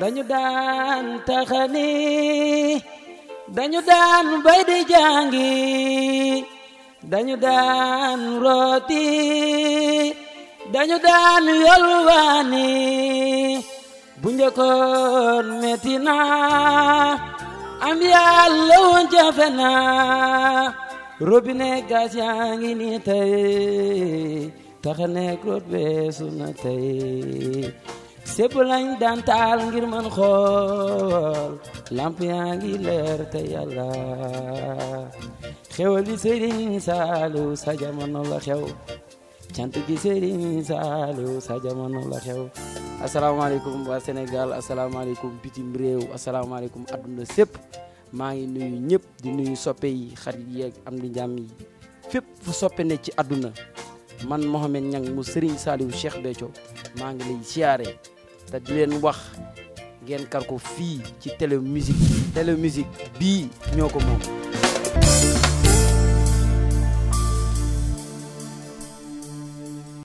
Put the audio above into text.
dañu daan taxani dañu daan bay di jàngi dañu daan rooti dañu daan yolwaani bu njëkkoon na am yàlla woon jafe na robinet gas ngi nii tey taxa nekk root weesu na tey sépp dan daan taal ngir mën xool lamp yaa ngi leer te yàlla xewal bi sëriñ saalu sa jamono la xew cant gi sëriñ saalu sa jamono la xew asalaamaaleykum waa Sénégal asalaamaaleykum bitim réew asalaamaaleykum àdduna sépp maa ngi nuyu ñëpp di nuyu soppe yi xarit yeeg am di jàmm yi fépp fu soppe ne ci àdduna man Mohamed Niang mu sëriñ Saliou Cheikh Béthio maa ngi lay siyaare te di leen wax ngeen kar ko fii ci télé musique télé musique bii ñoo ko moom